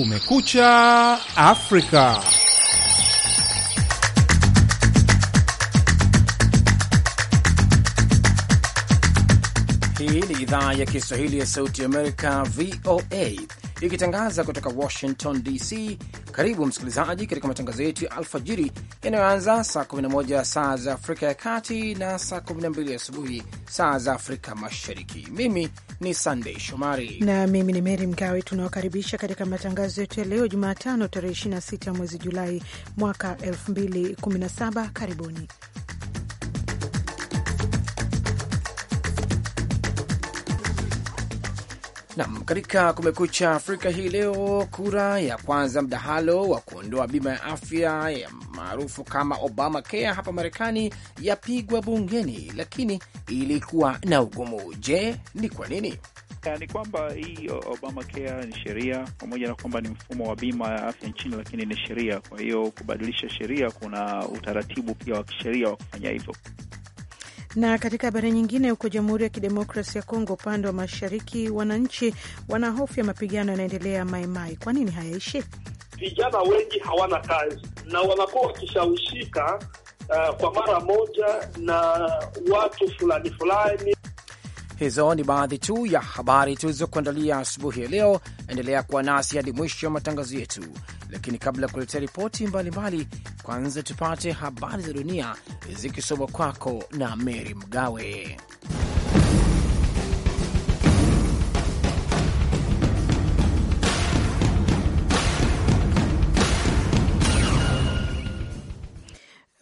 Kumekucha Afrika. Hii ni idhaa ya Kiswahili ya Sauti Amerika, VOA ikitangaza kutoka Washington DC. Karibu msikilizaji katika matangazo yetu ya alfajiri yanayoanza saa 11 saa za Afrika ya Kati na saa 12 asubuhi saa za Afrika Mashariki. Mimi ni Sandey Shomari na mimi ni Meri Mgawe. Tunawakaribisha katika matangazo yetu ya leo Jumatano tarehe 26 mwezi Julai mwaka 2017. Karibuni Nam katika Kumekucha Afrika hii leo, kura ya kwanza mdahalo wa kuondoa bima ya afya ya maarufu kama Obama hapa Marekani yapigwa bungeni, lakini ilikuwa na ugumu. Je, ni kwa nini? Ni kwamba hii Obama ni sheria, pamoja na kwamba ni mfumo wa bima ya afya nchini, lakini ni sheria. Kwa hiyo kubadilisha sheria, kuna utaratibu pia wa kisheria wa kufanya hivyo. Na katika habari nyingine, huko Jamhuri ya Kidemokrasi ya Kongo, upande wa mashariki, wananchi wana hofu ya mapigano yanaendelea Maimai. Kwa nini hayaishi? Vijana wengi hawana kazi na wanakuwa wakishawishika uh, kwa mara moja na watu fulani fulani Hizo ni baadhi tu ya habari tulizokuandalia asubuhi ya leo. Endelea kuwa nasi hadi mwisho wa matangazo yetu, lakini kabla ya kuletea ripoti mbalimbali, kwanza tupate habari za dunia zikisomwa kwako na Meri Mgawe.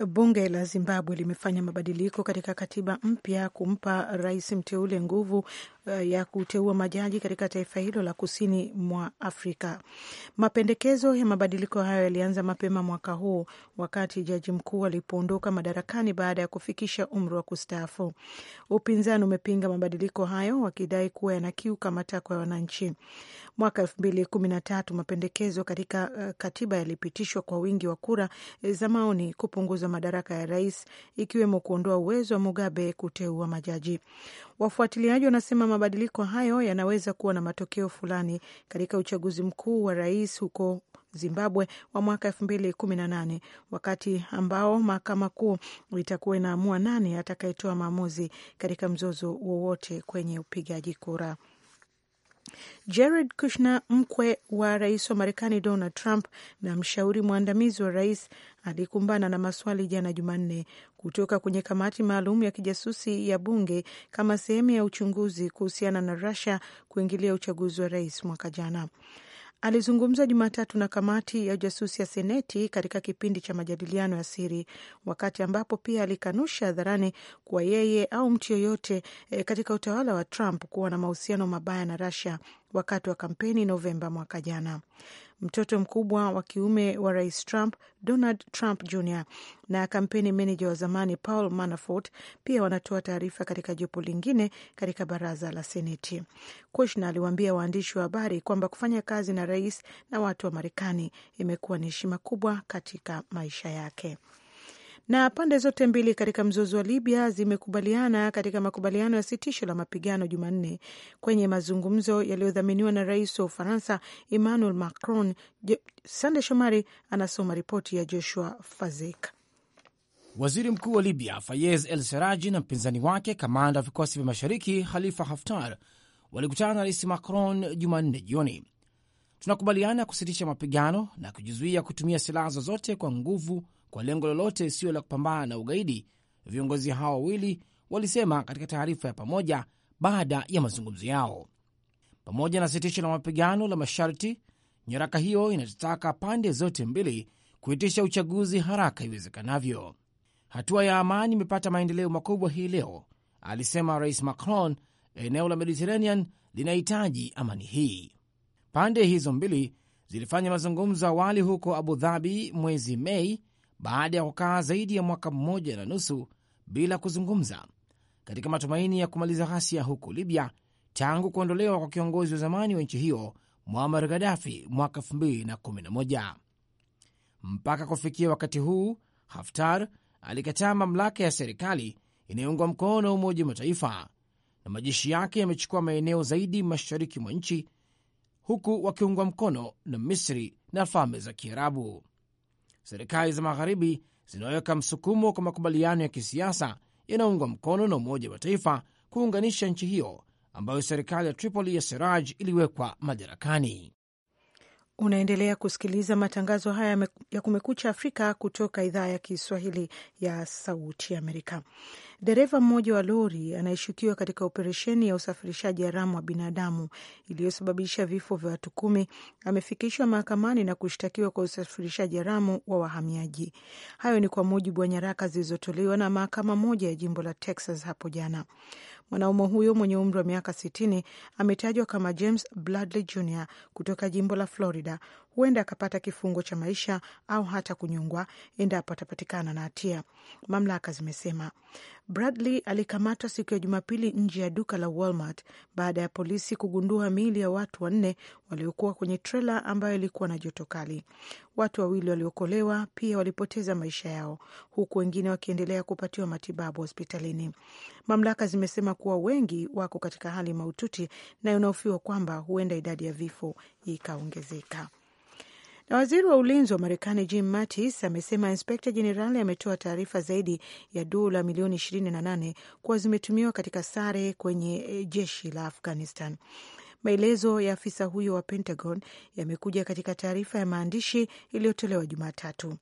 Bunge la Zimbabwe limefanya mabadiliko katika katiba mpya kumpa rais mteule nguvu Eh, ya kuteua majaji katika taifa hilo la kusini mwa Afrika. Mapendekezo ya mabadiliko hayo yalianza mapema mwaka huu wakati jaji mkuu alipoondoka madarakani baada ya kufikisha umri wa kustaafu. Upinzani umepinga mabadiliko hayo wakidai kuwa yanakiuka matakwa ya wananchi. Mwaka elfu mbili kumi na tatu mapendekezo katika uh, katiba yalipitishwa kwa wingi wa kura eh, za maoni kupunguza madaraka ya rais, ikiwemo kuondoa uwezo wa Mugabe kuteua majaji. Wafuatiliaji wanasema mabadiliko hayo yanaweza kuwa na matokeo fulani katika uchaguzi mkuu wa rais huko Zimbabwe wa mwaka elfu mbili kumi na nane wakati ambao mahakama kuu itakuwa inaamua nani atakayetoa maamuzi katika mzozo wowote kwenye upigaji kura. Jared Kushner, mkwe wa rais wa Marekani Donald Trump na mshauri mwandamizi wa rais, alikumbana na maswali jana Jumanne kutoka kwenye kamati maalum ya kijasusi ya bunge kama sehemu ya uchunguzi kuhusiana na Russia kuingilia uchaguzi wa rais mwaka jana. Alizungumza Jumatatu na kamati ya ujasusi ya Seneti katika kipindi cha majadiliano ya siri, wakati ambapo pia alikanusha hadharani kuwa yeye au mtu yoyote e, katika utawala wa Trump kuwa na mahusiano mabaya na Russia wakati wa kampeni Novemba mwaka jana mtoto mkubwa wa kiume wa rais Trump, Donald Trump Jr na kampeni meneja wa zamani Paul Manafort pia wanatoa taarifa katika jopo lingine katika baraza la Seneti. Kushna aliwaambia waandishi wa habari kwamba kufanya kazi na rais na watu wa Marekani imekuwa ni heshima kubwa katika maisha yake na pande zote mbili katika mzozo wa Libya zimekubaliana katika makubaliano ya sitisho la mapigano Jumanne kwenye mazungumzo yaliyodhaminiwa na rais wa Ufaransa Emmanuel Macron. Sande Shomari anasoma ripoti ya Joshua Fazek. Waziri mkuu wa Libya Fayez El Seraji na mpinzani wake kamanda wa vikosi vya mashariki Khalifa Haftar walikutana na rais Macron Jumanne jioni. Tunakubaliana kusitisha mapigano na kujizuia kutumia silaha zozote kwa nguvu kwa lengo lolote sio la kupambana na ugaidi, viongozi hao wawili walisema katika taarifa ya pamoja baada ya mazungumzo yao. Pamoja na sitisho la mapigano la masharti, nyaraka hiyo inazitaka pande zote mbili kuitisha uchaguzi haraka iwezekanavyo. Hatua ya amani imepata maendeleo makubwa hii leo, alisema Rais Macron. Eneo la Mediterranean linahitaji amani hii. Pande hizo mbili zilifanya mazungumzo awali huko Abu Dhabi mwezi Mei baada ya kukaa zaidi ya mwaka mmoja na nusu bila kuzungumza katika matumaini ya kumaliza ghasia huko Libya tangu kuondolewa kwa kiongozi wa zamani wa nchi hiyo Muammar Gaddafi mwaka 2011. Mpaka kufikia wakati huu, Haftar alikataa mamlaka ya serikali inayoungwa mkono na Umoja wa Mataifa, na majeshi yake yamechukua maeneo zaidi mashariki mwa nchi, huku wakiungwa mkono na Misri na Falme za Kiarabu serikali za magharibi zinaweka msukumo kwa makubaliano ya kisiasa yanaungwa mkono na Umoja wa Mataifa kuunganisha nchi hiyo ambayo serikali ya Tripoli ya Seraj iliwekwa madarakani. Unaendelea kusikiliza matangazo haya ya Kumekucha Afrika kutoka idhaa ya Kiswahili ya Sauti Amerika. Dereva mmoja wa lori anayeshukiwa katika operesheni ya usafirishaji haramu wa binadamu iliyosababisha vifo vya watu kumi amefikishwa mahakamani na kushtakiwa kwa usafirishaji haramu wa wahamiaji. Hayo ni kwa mujibu wa nyaraka zilizotolewa na mahakama moja ya jimbo la Texas hapo jana. Mwanaume huyo mwenye umri wa miaka 60 ametajwa kama James Bradley Jr kutoka jimbo la Florida huenda akapata kifungo cha maisha au hata kunyongwa endapo atapatikana na hatia, mamlaka zimesema. Bradley alikamatwa siku ya Jumapili nje ya duka la Walmart baada ya polisi kugundua miili ya watu wanne waliokuwa kwenye trela ambayo ilikuwa na joto kali. Watu wawili waliokolewa pia walipoteza maisha yao, huku wengine wakiendelea kupatiwa matibabu hospitalini. Mamlaka zimesema kuwa wengi wako katika hali mahututi na inahofiwa kwamba huenda idadi ya vifo ikaongezeka. Na waziri wa ulinzi wa Marekani Jim Mattis amesema inspekta jenerali ametoa taarifa zaidi ya dola milioni 28 kuwa zimetumiwa katika sare kwenye eh, jeshi la Afghanistan. Maelezo ya afisa huyo wa Pentagon yamekuja katika taarifa ya maandishi iliyotolewa Jumatatu.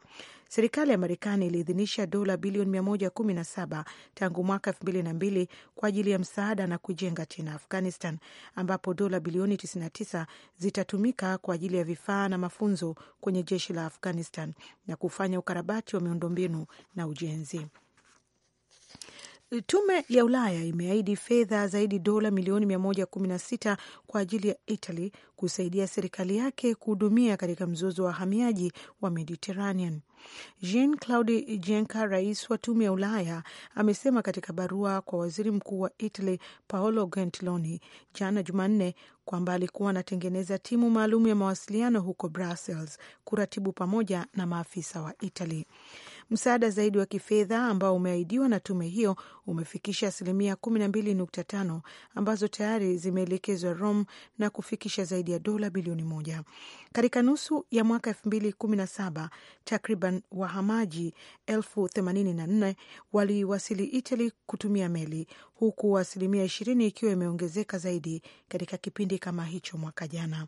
Serikali ya Marekani iliidhinisha dola bilioni 117 tangu mwaka 2002 kwa ajili ya msaada na kujenga tena Afghanistan, ambapo dola bilioni 99 zitatumika kwa ajili ya vifaa na mafunzo kwenye jeshi la Afghanistan na kufanya ukarabati wa miundombinu na ujenzi. Tume ya Ulaya imeahidi fedha zaidi dola milioni 116 kwa ajili ya Italy kusaidia serikali yake kuhudumia katika mzozo wa wahamiaji wa Mediterranean. Jean Claude Juncker, rais wa Tume ya Ulaya, amesema katika barua kwa waziri mkuu wa Italy Paolo Gentiloni jana Jumanne kwamba alikuwa anatengeneza timu maalum ya mawasiliano huko Brussels kuratibu pamoja na maafisa wa Italy. Msaada zaidi wa kifedha ambao umeahidiwa na tume hiyo umefikisha asilimia 12.5 ambazo tayari zimeelekezwa Rome na kufikisha zaidi ya dola bilioni moja. Katika nusu ya mwaka elfu takriban wahamaji 84 waliwasili Italy kutumia meli huku asilimia 20 ikiwa imeongezeka zaidi katika kipindi kama hicho mwaka jana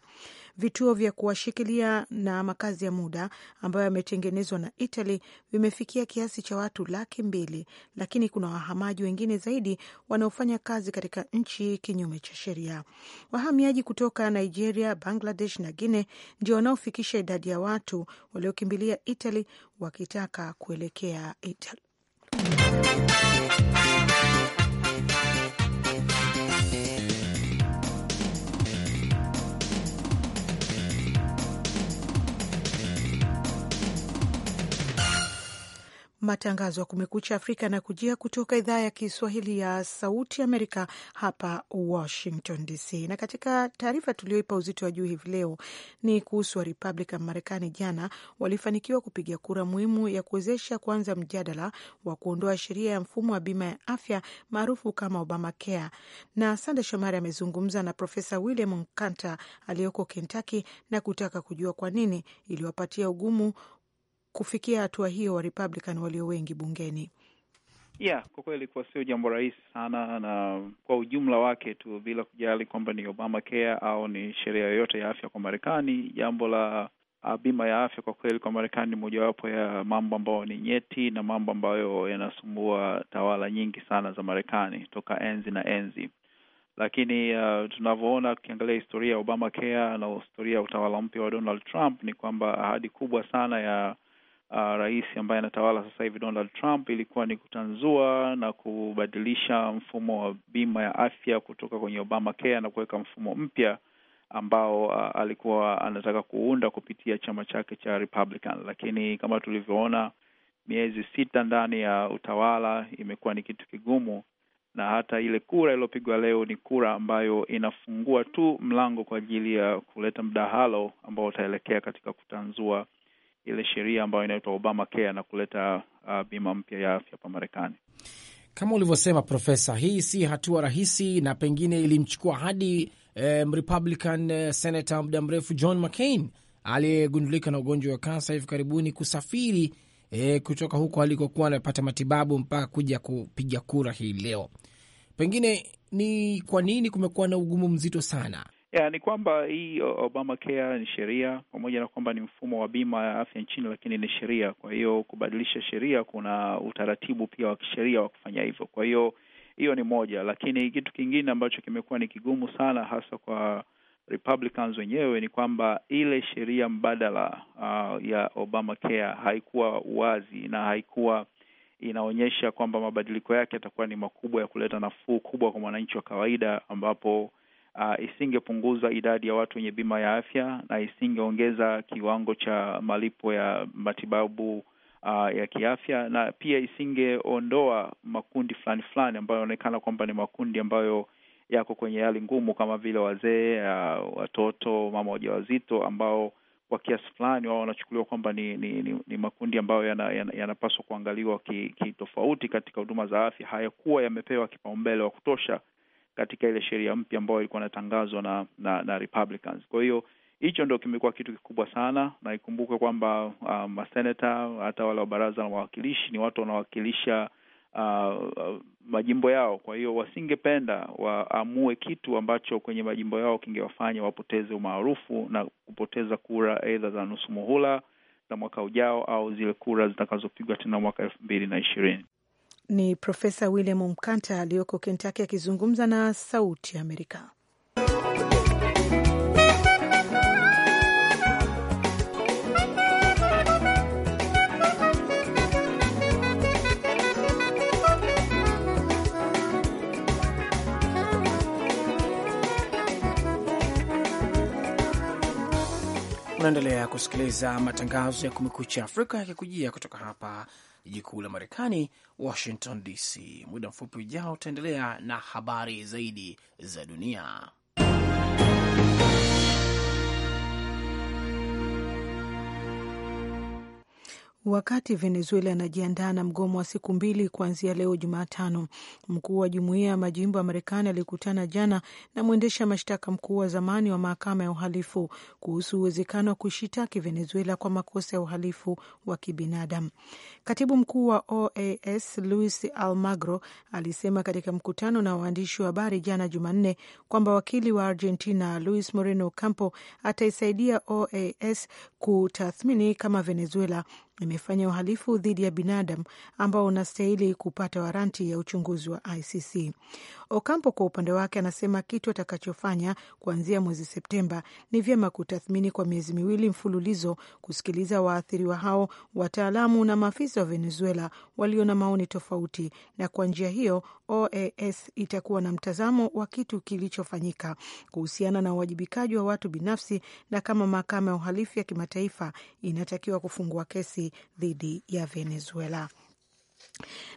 vituo vya kuwashikilia na makazi ya muda ambayo yametengenezwa na Italy vimefikia kiasi cha watu laki mbili, lakini kuna wahamaji wengine zaidi wanaofanya kazi katika nchi kinyume cha sheria. Wahamiaji kutoka Nigeria, Bangladesh na guine ndio wanaofikisha idadi ya watu waliokimbilia Italy wakitaka kuelekea Italy. Matangazo ya Kumekucha Afrika na kujia kutoka idhaa ya Kiswahili ya Sauti Amerika hapa Washington DC. Na katika taarifa tuliyoipa uzito wa juu hivi leo ni kuhusu Warepublican Marekani jana walifanikiwa kupiga kura muhimu ya kuwezesha kuanza mjadala wa kuondoa sheria ya mfumo wa bima ya afya maarufu kama Obamacare. Na Sande Shomari amezungumza na Profesa William nkanta aliyoko Kentucky na kutaka kujua kwa nini iliwapatia ugumu kufikia hatua hiyo wa Republican walio wengi bungeni? Yeah, kwa kweli ilikuwa sio jambo rahisi sana, na kwa ujumla wake tu, bila kujali kwamba ni obama Obamacare au ni sheria yoyote ya afya kwa Marekani, jambo la ah, bima ya afya kwa kweli kwa Marekani ni mojawapo ya mambo ambayo ni nyeti na mambo ambayo yanasumbua tawala nyingi sana za Marekani toka enzi na enzi, lakini uh, tunavyoona tukiangalia historia ya obama Obamacare na historia ya utawala mpya wa Donald Trump ni kwamba ahadi kubwa sana ya uh, rais ambaye anatawala sasa hivi Donald Trump ilikuwa ni kutanzua na kubadilisha mfumo wa bima ya afya kutoka kwenye Obama Care na kuweka mfumo mpya ambao uh, alikuwa anataka kuunda kupitia chama chake cha Republican, lakini kama tulivyoona miezi sita ndani ya utawala imekuwa ni kitu kigumu, na hata ile kura iliyopigwa leo ni kura ambayo inafungua tu mlango kwa ajili ya kuleta mdahalo ambao utaelekea katika kutanzua ile sheria ambayo inaitwa Obama Care na kuleta uh, bima mpya ya afya hapa Marekani. Kama ulivyosema Profesa, hii si hatua rahisi, na pengine ilimchukua hadi eh, Republican eh, senator muda mrefu John McCain aliyegundulika na ugonjwa wa kansa hivi karibuni kusafiri E, kutoka huko alikokuwa anapata matibabu mpaka kuja kupiga kura hii leo. Pengine ni kwa nini kumekuwa na ugumu mzito sana ya, ni kwamba hii Obamacare ni sheria, pamoja na kwamba ni mfumo wa bima ya afya nchini, lakini ni sheria. Kwa hiyo kubadilisha sheria, kuna utaratibu pia wa kisheria wa kufanya hivyo. Kwa hiyo hiyo ni moja, lakini kitu kingine ambacho kimekuwa ni kigumu sana hasa kwa Republicans wenyewe ni kwamba ile sheria mbadala uh, ya Obamacare haikuwa wazi na haikuwa inaonyesha kwamba mabadiliko yake yatakuwa ni makubwa ya kuleta nafuu kubwa kwa mwananchi wa kawaida, ambapo uh, isingepunguza idadi ya watu wenye bima ya afya na isingeongeza kiwango cha malipo ya matibabu Uh, ya kiafya na pia isingeondoa makundi fulani fulani ambayo yanaonekana kwamba ni makundi ambayo yako kwenye hali ngumu kama vile wazee, uh, watoto, mama waja wazito ambao kwa kiasi fulani wao wanachukuliwa kwamba ni, ni, ni, ni makundi ambayo yanapaswa yana, yana kuangaliwa kitofauti ki katika huduma za afya, hayakuwa yamepewa kipaumbele wa kutosha katika ile sheria mpya ambayo ilikuwa inatangazwa na, na na Republicans. Kwa hiyo hicho ndo kimekuwa kitu kikubwa sana, na ikumbuke kwamba um, maseneta hata wale wa baraza la wawakilishi ni watu wanawakilisha uh, uh, majimbo yao. Kwa hiyo wasingependa waamue kitu ambacho kwenye majimbo yao kingewafanya wapoteze umaarufu na kupoteza kura aidha za nusu muhula za mwaka ujao au zile kura zitakazopigwa tena mwaka elfu mbili na ishirini. Ni Profesa William Mkanta aliyoko Kentaki akizungumza na Sauti ya Amerika. Unaendelea kusikiliza matangazo ya Kumekucha Afrika yakikujia kutoka hapa jiji kuu la Marekani, Washington DC. Muda mfupi ujao utaendelea na habari zaidi za dunia. Wakati Venezuela anajiandaa na mgomo wa siku mbili kuanzia leo Jumatano, mkuu wa jumuiya ya majimbo ya Marekani alikutana jana na mwendesha mashtaka mkuu wa zamani wa mahakama ya uhalifu kuhusu uwezekano wa kushitaki Venezuela kwa makosa ya uhalifu wa kibinadamu. Katibu mkuu wa OAS Luis Almagro alisema katika mkutano na waandishi wa habari jana Jumanne kwamba wakili wa Argentina Luis Moreno Campo ataisaidia OAS kutathmini kama Venezuela imefanya uhalifu dhidi ya binadamu ambao unastahili kupata waranti ya uchunguzi wa ICC. Ocampo kwa upande wake anasema kitu atakachofanya kuanzia mwezi Septemba ni vyema kutathmini kwa miezi miwili mfululizo, kusikiliza waathiriwa hao, wataalamu na maafisa wa Venezuela walio na maoni tofauti, na kwa njia hiyo OAS itakuwa na mtazamo wa kitu kilichofanyika kuhusiana na uwajibikaji wa watu binafsi na kama mahakama ya uhalifu ya kimataifa inatakiwa kufungua kesi dhidi ya Venezuela.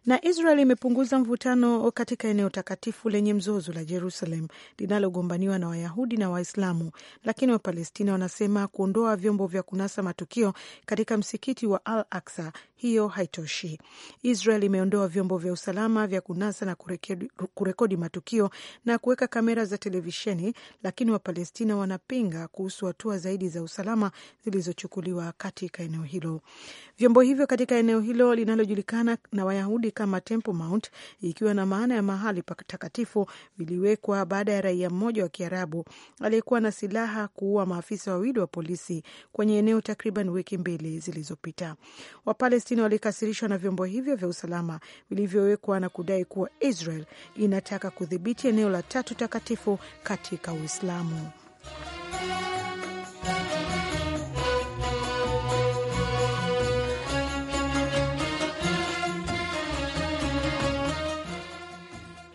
Na Israel imepunguza mvutano katika eneo takatifu lenye mzozo la Jerusalem linalogombaniwa na Wayahudi na Waislamu, lakini Wapalestina wanasema kuondoa vyombo vya kunasa matukio katika msikiti wa Al Aksa hiyo haitoshi. Israel imeondoa vyombo vya usalama vya kunasa na kurekodi, kurekodi matukio na kuweka kamera za televisheni, lakini Wapalestina wanapinga kuhusu hatua zaidi za usalama zilizochukuliwa katika eneo hilo. Vyombo hivyo katika eneo hilo linalojulikana na Wayahudi kama Temple Mount, ikiwa na maana ya mahali patakatifu, viliwekwa baada ya raia mmoja wa Kiarabu aliyekuwa na silaha kuua maafisa wawili wa polisi kwenye eneo takriban wiki mbili zilizopita. Wapalestina Palestina walikasirishwa na vyombo hivyo vya usalama vilivyowekwa na kudai kuwa Israel inataka kudhibiti eneo la tatu takatifu katika Uislamu.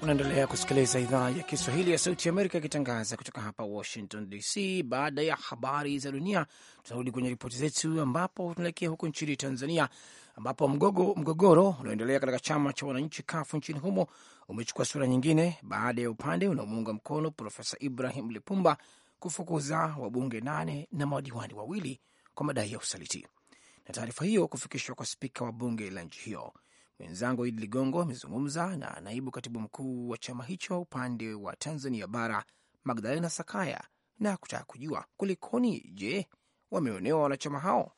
Unaendelea kusikiliza idhaa ya Kiswahili ya Sauti ya Amerika ikitangaza kutoka hapa Washington DC. Baada ya habari za dunia, tunarudi kwenye ripoti zetu, ambapo tunaelekea huko nchini Tanzania ambapo mgogo, mgogoro unaoendelea katika chama cha wananchi kafu nchini humo umechukua sura nyingine baada ya upande unaomuunga mkono Profesa Ibrahim Lipumba kufukuza wabunge nane na madiwani wawili kwa madai ya usaliti na taarifa hiyo kufikishwa kwa spika wa bunge la nchi hiyo. Mwenzangu Idi Ligongo amezungumza na naibu katibu mkuu wa chama hicho upande wa Tanzania Bara, Magdalena Sakaya, na kutaka kujua kulikoni. Je, wameonewa wanachama hao?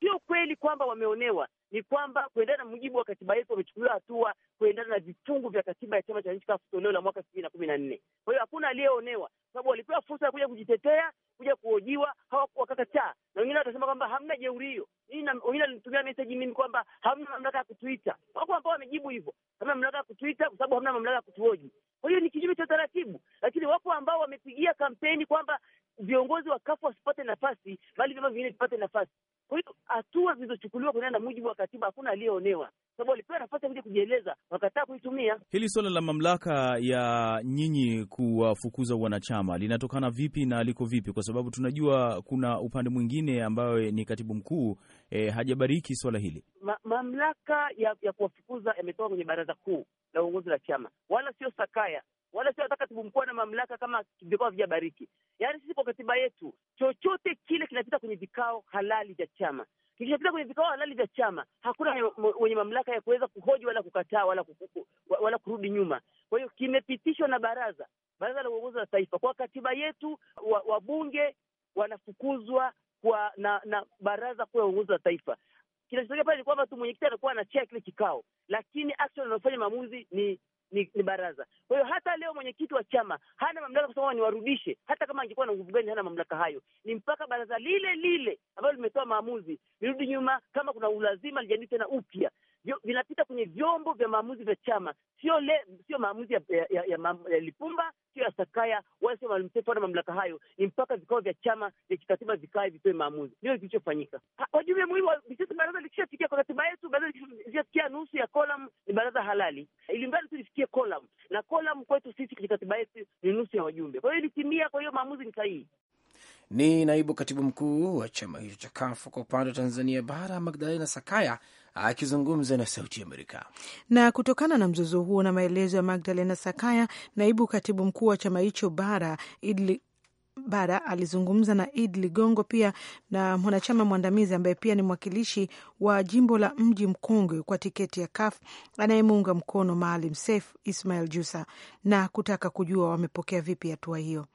Sio kweli kwamba wameonewa, ni kwamba kuendana na mujibu wa katiba yetu wamechukuliwa hatua kuendana na vifungu vya katiba ya chama cha nchi kafu toleo la mwaka elfu mbili na kumi na nne. Kwa hiyo hakuna aliyeonewa, sababu walipewa fursa ya kuja kujitetea, kuja kuhojiwa, hawakakataa. Na wengine watasema kwamba hamna jeuri hiyo, wengine walinitumia meseji mimi kwamba hamna mamlaka ya kutuita. Wako ambao wamejibu hivyo, hamna mamlaka ya kutuita kwa sababu hamna mamlaka ya kutuhoji. Kwa hiyo ni kinyume cha taratibu, lakini wapo ambao wamepigia kampeni kwamba viongozi wa kafu wasipate nafasi, bali vyama vingine vipate nafasi. Kwa hiyo hatua zilizochukuliwa na mujibu wa katiba, hakuna aliyeonewa, sababu walipewa nafasi ya kuja kujieleza, wakataa kuitumia. Hili suala la mamlaka ya nyinyi kuwafukuza wanachama linatokana vipi na liko vipi? Kwa sababu tunajua kuna upande mwingine ambayo ni katibu mkuu eh, hajabariki swala hili. Ma, mamlaka ya, ya kuwafukuza yametoka kwenye baraza kuu la uongozi la chama, wala sio Sakaya kama vikao bariki Yaani sisi kwa katiba yetu, chochote kile kinapita kwenye vikao halali vya chama kikishapita kwenye vikao halali vya chama, hakuna wenye mamlaka ya kuweza kuhoji wala kukataa wala kukuku, wala kurudi nyuma. Kwa hiyo kimepitishwa na baraza baraza la uongozi wa taifa. Kwa katiba yetu wabunge wa wanafukuzwa kwa na, na baraza kuu ya uongozi wa taifa. Kinachotokea pale ni kwamba tu mwenyekiti anakuwa anachea kile kikao, lakini actually maamuzi ni ni, ni baraza. Kwa hiyo hata leo mwenyekiti wa chama hana mamlaka kusema niwarudishe, hata kama angekuwa na nguvu gani, hana mamlaka hayo. Ni mpaka baraza lile lile ambalo limetoa maamuzi lirudi nyuma, kama kuna ulazima lijadili tena upya vinapita kwenye vyombo vya maamuzi vya chama, sio le, sio maamuzi ya, ya, ya, ya, ya Lipumba, sio ya Sakaya wala sio Maalim Seif wana mamlaka hayo. Ni mpaka vikao vya chama vya kikatiba vikae vitoe maamuzi, ndio kilichofanyika. Wajumbe muhimu sisi, baraza likishafikia kwa katiba yetu, baraza likishafikia nusu ya kolam, ni baraza halali, ili mbali tu lifikie kolam, na kolam kwetu sisi kwenye katiba yetu ni nusu ya wajumbe. Kwa hiyo ilitimia, kwa hiyo maamuzi ni sahihi. Ni naibu katibu mkuu wa chama hicho cha Kafu kwa upande wa Tanzania Bara, Magdalena Sakaya akizungumza na Sauti Amerika. Na kutokana na mzozo huo na maelezo ya Magdalena Sakaya, naibu katibu mkuu wa chama hicho bara Idli Bara alizungumza na Id Ligongo pia na mwanachama mwandamizi ambaye pia ni mwakilishi wa jimbo la Mji Mkongwe kwa tiketi ya kaf anayemuunga mkono Maalim Seif Ismail Jusa na kutaka kujua wamepokea vipi hatua hiyo.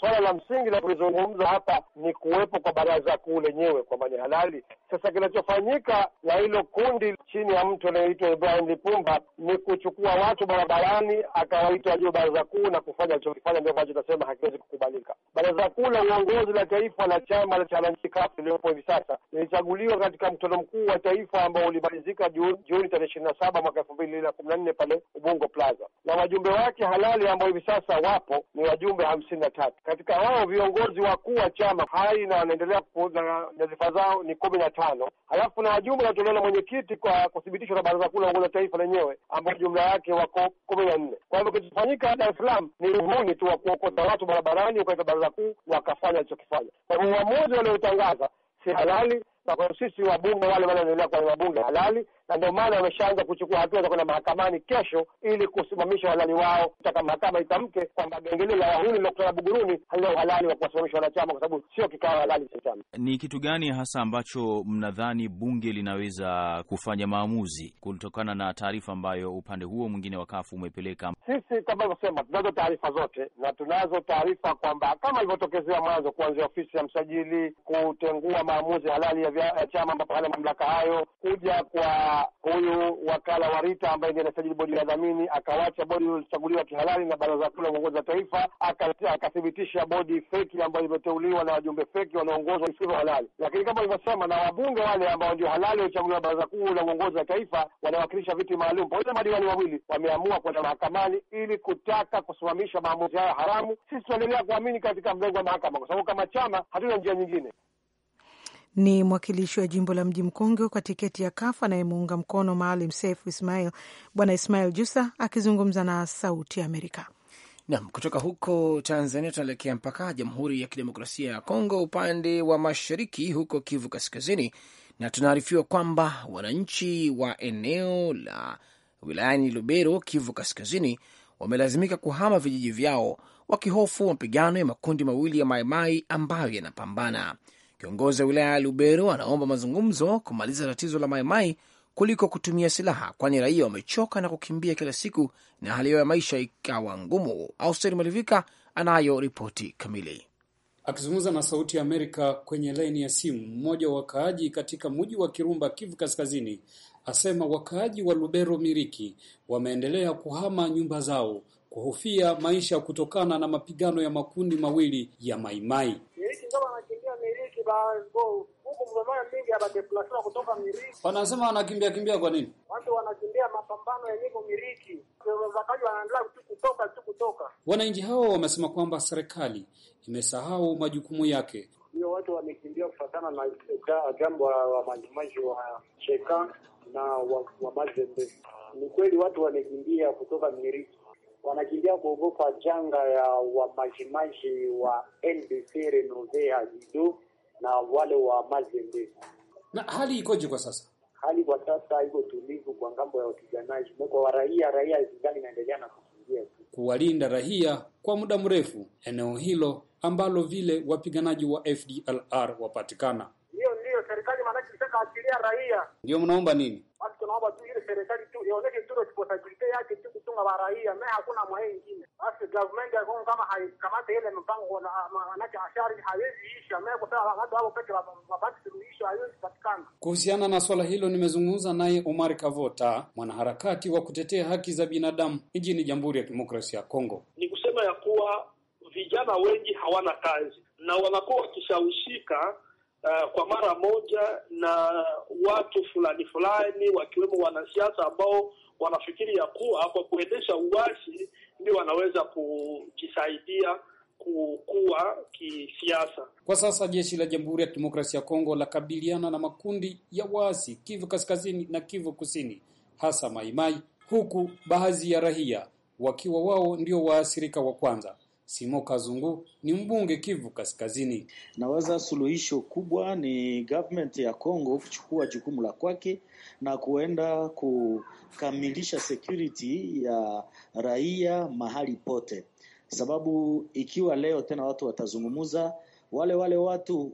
Swala la msingi la kulizungumza hapa ni kuwepo kwa baraza kuu lenyewe kwamba ni halali. Sasa kinachofanyika na hilo kundi chini ya mtu anayeitwa Ibrahim Lipumba ni kuchukua watu barabarani, akawaita juu baraza kuu na kufanya alichokifanya, ndio ambacho tunasema hakiwezi kukubalika. Baraza kuu la uongozi la taifa la chama cha wananchi CUF liliyopo hivi sasa lilichaguliwa katika mkutano mkuu wa taifa ambao ulimalizika Juni tarehe ishirini na saba mwaka elfu mbili na kumi na nne pale Ubungo Plaza, na wajumbe wake halali ambao hivi sasa wapo ni wajumbe hamsini na tatu. Katika hao viongozi wakuu wa chama hai na wanaendelea na nyadhifa zao ni kumi na tano. Halafu kuna wajumbe wanatolewa na mwenyekiti kwa kuthibitishwa na Baraza Kuu la Uongozi wa Taifa lenyewe ambao jumla yake wako kumi na nne. Kwa hivyo kilichofanyika Dar es Salaam ni uhuni tu wa kuokota watu barabarani, ukaita baraza kuu wakafanya alichokifanya. Kwa hivyo uamuzi waliotangaza si halali na kwa sisi wabunge wale wanaendelea kwa ni wabunge halali, na ndio maana wameshaanza kuchukua hatua za kwenda mahakamani kesho, ili kusimamisha uhalali wao, kutaka mahakama itamke kwamba genge lile la wahuni lilokutana Buguruni halina uhalali wa kuwasimamisha wanachama, kwa sababu sio kikao halali cha chama. Ni kitu gani hasa ambacho mnadhani bunge linaweza kufanya maamuzi kutokana na taarifa ambayo upande huo mwingine wa kafu umepeleka? Sisi kama alivyosema, tunazo taarifa zote na tunazo taarifa kwamba kama ilivyotokezea mwanzo, kuanzia ofisi ya msajili kutengua maamuzi halali ya vya eh, chama ambapo hana mamlaka hayo, kuja kwa huyu wakala wa Rita ambaye ndiye anasajili bodi ya dhamini, akawacha bodi iliyochaguliwa kihalali na baraza kuu la uongozi wa taifa, akathibitisha bodi feki ambayo imeteuliwa na wajumbe feki wanaongozwa isivyo halali. Lakini kama ulivyosema, na wabunge wale ambao ndio halali waliochaguliwa baraza kuu la uongozi wa taifa wanawakilisha viti maalum pamoja na madiwani wawili, wameamua kwenda mahakamani ili kutaka kusimamisha maamuzi hayo haramu. Sisi tunaendelea kuamini katika mlengo wa mahakama, kwa sababu kama chama hatuna njia nyingine ni mwakilishi wa jimbo la Mji Mkongwe kwa tiketi ya KAF anayemuunga mkono Maalim Seif Ismail, Bwana Ismail Jusa akizungumza na Sauti Amerika. Nam, kutoka huko Tanzania tunaelekea mpaka Jamhuri ya Kidemokrasia ya Kongo, upande wa mashariki, huko Kivu Kaskazini, na tunaarifiwa kwamba wananchi wa eneo la wilayani Lubero, Kivu Kaskazini, wamelazimika kuhama vijiji vyao wakihofu mapigano ya makundi mawili ya Maimai ambayo yanapambana. Kiongozi wa wilaya ya Lubero anaomba mazungumzo kumaliza tatizo la maimai kuliko kutumia silaha, kwani raia wamechoka na kukimbia kila siku na hali yao ya maisha ikawa ngumu. Auster Malivika anayo ripoti kamili. Akizungumza na Sauti ya Amerika kwenye laini ya simu, mmoja wa wakaaji katika mji wa Kirumba, Kivu Kaskazini, asema wakaaji wa Lubero Miriki wameendelea kuhama nyumba zao kuhofia maisha kutokana na mapigano ya makundi mawili ya maimai Miriki, Wanasema wanakimbia kimbia kwa nini? Watu wanakimbia mapambano Miriki. wanaendelea tu kutoka tu kutoka. Wananchi hao wamesema kwamba serikali imesahau majukumu yake. Hiyo watu wamekimbia kufatana na jambo la majimaji wa Cheka na wa, wa Mazembe. Ni kweli watu wamekimbia kutoka Miriki wanakimbia kuogopa janga ya wamajimaji wa NBC Renove Adido na wale wa Mazembe. Na hali ikoje kwa sasa? Hali kwa sasa iko tulivu kwa ngambo ya wapiganaji kwa raia, raia zingali inaendelea na kukimbia kuwalinda raia kwa muda mrefu eneo hilo ambalo vile wapiganaji wa FDLR wapatikana. Ndio, ndio serikali maanake itaka achilia raia. Ndio mnaomba nini? Basi tunaomba tu ile serikali tu ioneke tu responsibility yake. Kongo wa raia na hakuna mwae ingine. Basi government ya Kongo kama haikamata ile mpango na manake ashari hawezi isha na kwa sababu watu wao peke wabaki suluhisho haiwezi patikana. Kuhusiana na swala hilo nimezungumza naye Omar Kavota, mwanaharakati wa kutetea haki za binadamu nchini Jamhuri ya Kidemokrasia ya Kongo. Ni kusema ya kuwa vijana wengi hawana kazi na wanakuwa wakishawishika Uh, kwa mara moja na watu fulani fulani wakiwemo wanasiasa ambao wanafikiri ya kuwa kwa kuendesha uasi ndio wanaweza kujisaidia kukua kisiasa. Kwa sasa jeshi la Jamhuri ya Kidemokrasia ya Kongo lakabiliana na makundi ya waasi Kivu Kaskazini na Kivu Kusini, hasa Maimai, huku baadhi ya raia wakiwa wao ndio waathirika wa kwanza simo kazungu ni mbunge Kivu Kaskazini. Nawaza suluhisho kubwa ni government ya Kongo kuchukua jukumu la kwake na kuenda kukamilisha security ya raia mahali pote, sababu ikiwa leo tena watu watazungumuza wale wale watu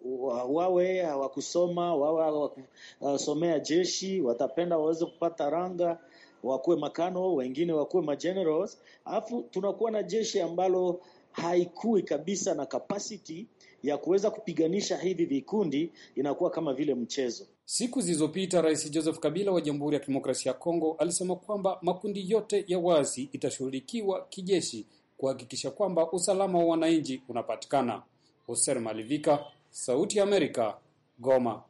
wawe hawakusoma wawe hawakusomea jeshi, watapenda waweze kupata ranga wakuwe makano, wengine wakuwe magenerals, alafu tunakuwa na jeshi ambalo haikui kabisa na capacity ya kuweza kupiganisha hivi vikundi, inakuwa kama vile mchezo. Siku zilizopita Rais Joseph Kabila wa Jamhuri ya Kidemokrasia ya Kongo alisema kwamba makundi yote ya waasi itashughulikiwa kijeshi kuhakikisha kwamba usalama wa wananchi unapatikana. Hoser Malivika, Sauti ya Amerika, Goma.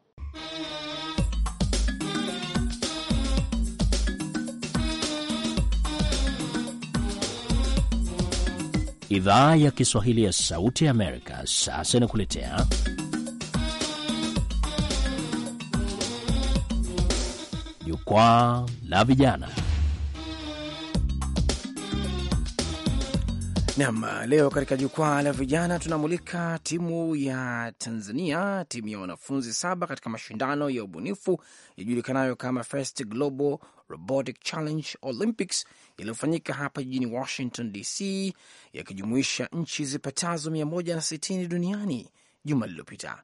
Idhaa ya Kiswahili ya Sauti ya Amerika sasa inakuletea Jukwaa la Vijana. Nam, leo katika Jukwaa la Vijana tunamulika timu ya Tanzania, timu ya wanafunzi saba katika mashindano ya ubunifu yajulikanayo kama First Global Robotic Challenge Olympics yaliyofanyika hapa jijini Washington DC, yakijumuisha nchi zipatazo 160 duniani juma lililopita.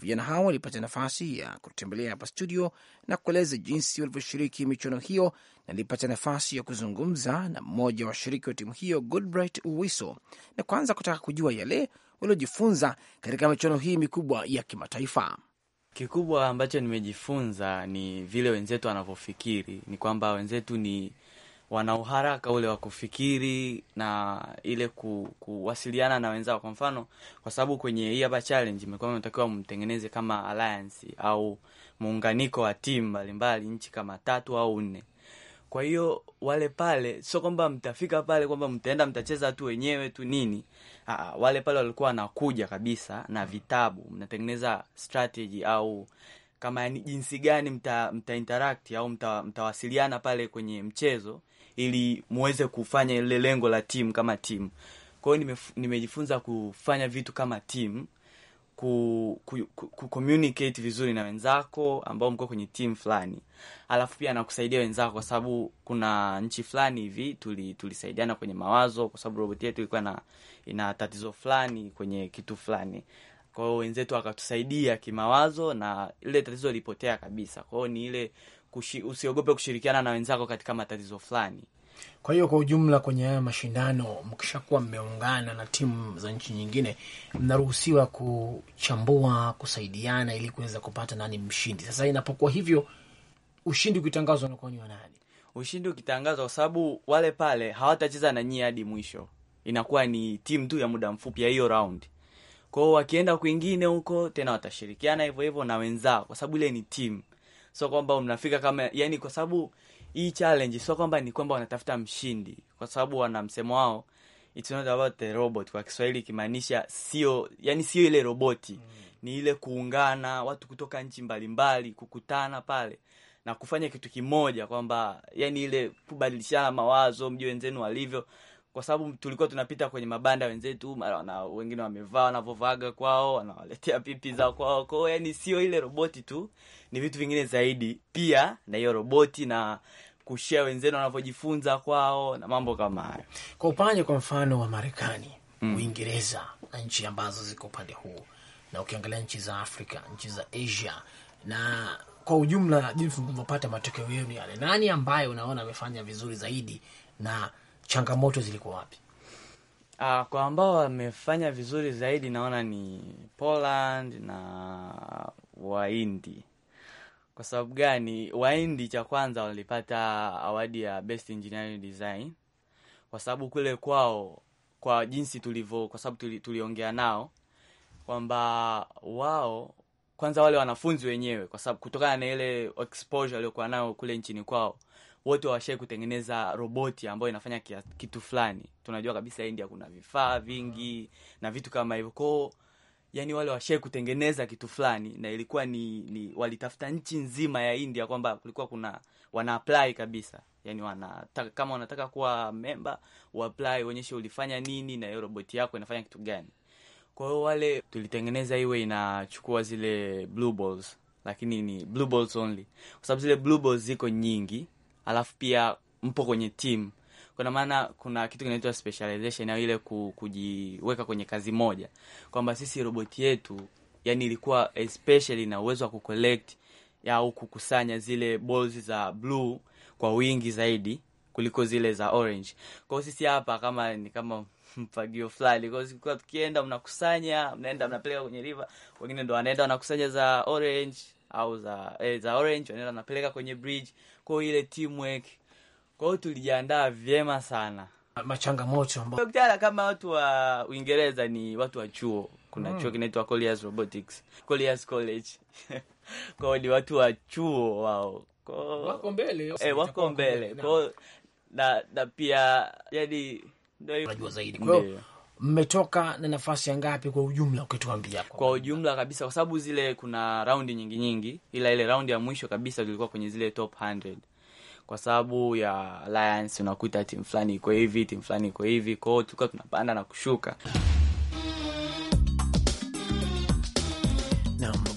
Vijana hao walipata nafasi ya kutembelea hapa studio na kueleza jinsi walivyoshiriki michuano hiyo, na nilipata nafasi ya kuzungumza na mmoja wa washiriki wa timu hiyo Goodbright Uwiso, na kwanza kutaka kujua yale waliojifunza katika michuano hii mikubwa ya kimataifa. Kikubwa ambacho nimejifunza ni vile wenzetu wanavyofikiri, ni kwamba wenzetu ni wana uharaka ule wa kufikiri na ile ku, kuwasiliana na wenzao. Kwa mfano, kwa sababu kwenye hii hapa challenge imekuwa natakiwa mtengeneze kama alliance au muunganiko wa timu mbalimbali nchi kama tatu au nne. Kwa hiyo wale pale sio kwamba mtafika pale kwamba mtaenda mtacheza tu wenyewe tu nini. Aa, ah, ah, wale pale walikuwa wanakuja kabisa na vitabu, mnatengeneza strategy au kama yani, jinsi gani mta, mta interact au mta, mtawasiliana pale kwenye mchezo ili muweze kufanya ile lengo la timu kama timu. Kwa hiyo nimejifunza kufanya vitu kama timu ku, ku, ku, ku communicate vizuri na wenzako ambao mko kwenye timu fulani, alafu pia anakusaidia wenzako, kwa sababu kuna nchi fulani hivi tuli, tulisaidiana kwenye mawazo, kwa sababu roboti yetu ilikuwa na ina tatizo fulani kwenye kitu fulani. Kwa hiyo wenzetu akatusaidia kimawazo na ile tatizo lilipotea kabisa. Kwa hiyo ni ile kushi, usiogope kushirikiana na wenzako katika matatizo fulani. Kwa hiyo kwa ujumla, kwenye haya mashindano, mkishakuwa mmeungana na timu za nchi nyingine, mnaruhusiwa kuchambua, kusaidiana ili kuweza kupata nani mshindi. Sasa inapokuwa hivyo, ushindi ukitangazwa unakuwa ni nani? Ushindi ukitangazwa, kwa sababu wale pale hawatacheza na nyie hadi mwisho, inakuwa ni timu tu ya muda mfupi ya hiyo raundi Kwao wakienda kwingine huko tena watashirikiana hivyo hivyo na wenzao, kwa sababu ile ni timu sio kwamba mnafika kama yani, kwa sababu hii challenge sio kwamba ni kwamba wanatafuta mshindi, kwa sababu wana msemo wao it's not about the robot, kwa Kiswahili ikimaanisha sio, yani sio ile roboti mm. ni ile kuungana watu kutoka nchi mbalimbali kukutana pale na kufanya kitu kimoja, kwamba yani ile kubadilishana mawazo, mjue wenzenu walivyo kwa sababu tulikuwa tunapita kwenye mabanda wenzetu, mara wana wengine wamevaa wanavovaga kwao, wanawaletea pipi za kwao kwao. Yani sio ile roboti tu, ni vitu vingine zaidi pia na hiyo roboti na kushia wenzenu wanavyojifunza kwao na mambo kama hayo. Kwa upande kwa mfano wa Marekani, mm, Uingereza na nchi ambazo ziko upande huu, na ukiangalia nchi za Afrika, nchi za Asia na kwa ujumla, jinsi mnavyopata matokeo yenu yale, nani ambaye unaona amefanya vizuri zaidi na changamoto zilikuwa wapi? Uh, kwa ambao wamefanya vizuri zaidi naona ni Poland na Waindi. Kwa sababu gani? Waindi cha kwanza walipata awadi ya best engineering design kwa sababu kule kwao, kwa jinsi tulivyo, kwa sababu tuli, tuliongea nao kwamba wao kwanza, wale wanafunzi wenyewe, kwa sababu kutokana na ile exposure waliokuwa nao kule nchini kwao wote washai kutengeneza roboti ambayo inafanya kia, kitu fulani. Tunajua kabisa India kuna vifaa vingi na vitu kama hivyo kwao Yani wale washai kutengeneza kitu fulani, na ilikuwa ni, ni walitafuta nchi nzima ya India kwamba kulikuwa kuna wana apply kabisa, yani wanataka kama wanataka kuwa memba wa apply, uonyeshe ulifanya nini na hiyo roboti yako inafanya kitu gani. Kwa hiyo wale tulitengeneza iwe inachukua zile blue balls, lakini ni blue balls only, kwa sababu zile blue balls ziko nyingi alafu pia mpo kwenye timu kuna maana kuna kitu kinaitwa specialization au ile kujiweka kwenye kazi moja, kwamba sisi roboti yetu yani ilikuwa especially na uwezo wa kucollect au kukusanya zile balls za blue kwa wingi zaidi kuliko zile za orange. Kwa hiyo sisi hapa kama ni kama mfagio fulani, kwa hiyo sikuwa tukienda, mnakusanya, mnaenda mnapeleka kwenye river, wengine ndo wanaenda wanakusanya za orange au za eh, za orange wanaenda wanapeleka kwenye bridge kwa ile teamwork. Kwa hiyo tulijiandaa vyema sana. Machangamoto ambayo daktari kama watu wa Uingereza ni watu wa chuo, kuna hmm, chuo kinaitwa Colliers Robotics, Colliers College kwa hiyo ni watu wa chuo wao, kwa... wako mbele eh, wako mbele kwa... na, na pia yani ndio unajua zaidi kwao mmetoka na nafasi ya ngapi kwa ujumla, ukituambia kwa, kwa ujumla kabisa, kwa sababu zile kuna raundi nyingi nyingi, ila ile raundi ya mwisho kabisa tulikuwa kwenye zile top 100 kwa sababu ya alliance, unakuta timu fulani iko hivi, timu fulani iko hivi, kwa hiyo tulikuwa tunapanda na kushuka.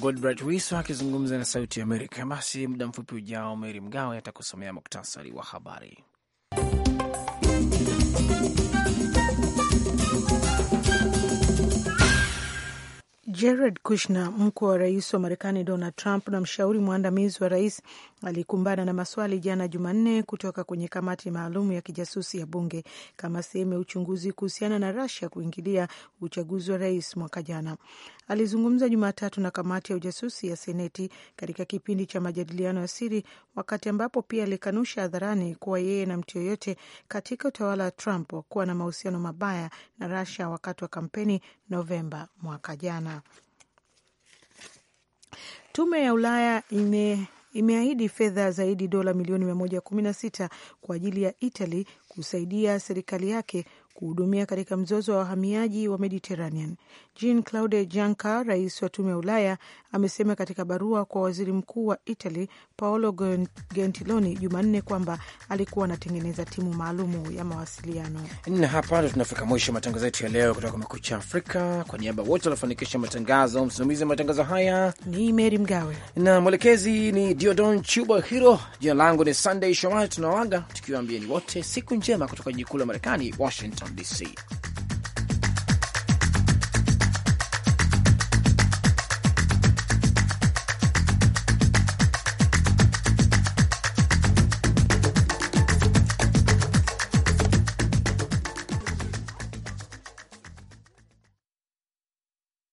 Godbright Wiso akizungumza na Sauti ya Amerika. Basi muda mfupi ujao, Meri Mgawe atakusomea muktasari wa habari. Jared Kushner, mkwe wa rais wa Marekani Donald Trump na mshauri mwandamizi wa rais, alikumbana na maswali jana Jumanne kutoka kwenye kamati maalum ya kijasusi ya bunge kama sehemu ya uchunguzi kuhusiana na rasia kuingilia uchaguzi wa rais mwaka jana alizungumza Jumatatu na kamati ya ujasusi ya Seneti katika kipindi cha majadiliano ya siri, wakati ambapo pia alikanusha hadharani kuwa yeye na mtu yoyote katika utawala wa Trump kuwa na mahusiano mabaya na rusia wakati wa kampeni Novemba mwaka jana. Tume ya Ulaya ime imeahidi fedha zaidi dola milioni sita kwa ajili ya Italy kusaidia serikali yake kuhudumia katika mzozo wa wahamiaji wa Mediterranean. Jean Claude Juncker, rais wa tume ya Ulaya, amesema katika barua kwa waziri mkuu wa Italy Paolo Gentiloni Jumanne kwamba alikuwa anatengeneza timu maalumu ya mawasiliano. Na hapa ndo tunafika mwisho wa matangazo yetu ya leo kutoka Kumekucha Afrika. Kwa niaba wote waliofanikisha matangazo, msimamizi wa matangazo haya ni Meri Mgawe na mwelekezi ni Diodon Chuba Hiro. Jina langu ni Sunday Shomari, tunawaga tukiwaambieni wote siku njema kutoka jiji kuu la Marekani, Washington. Washington, D.C.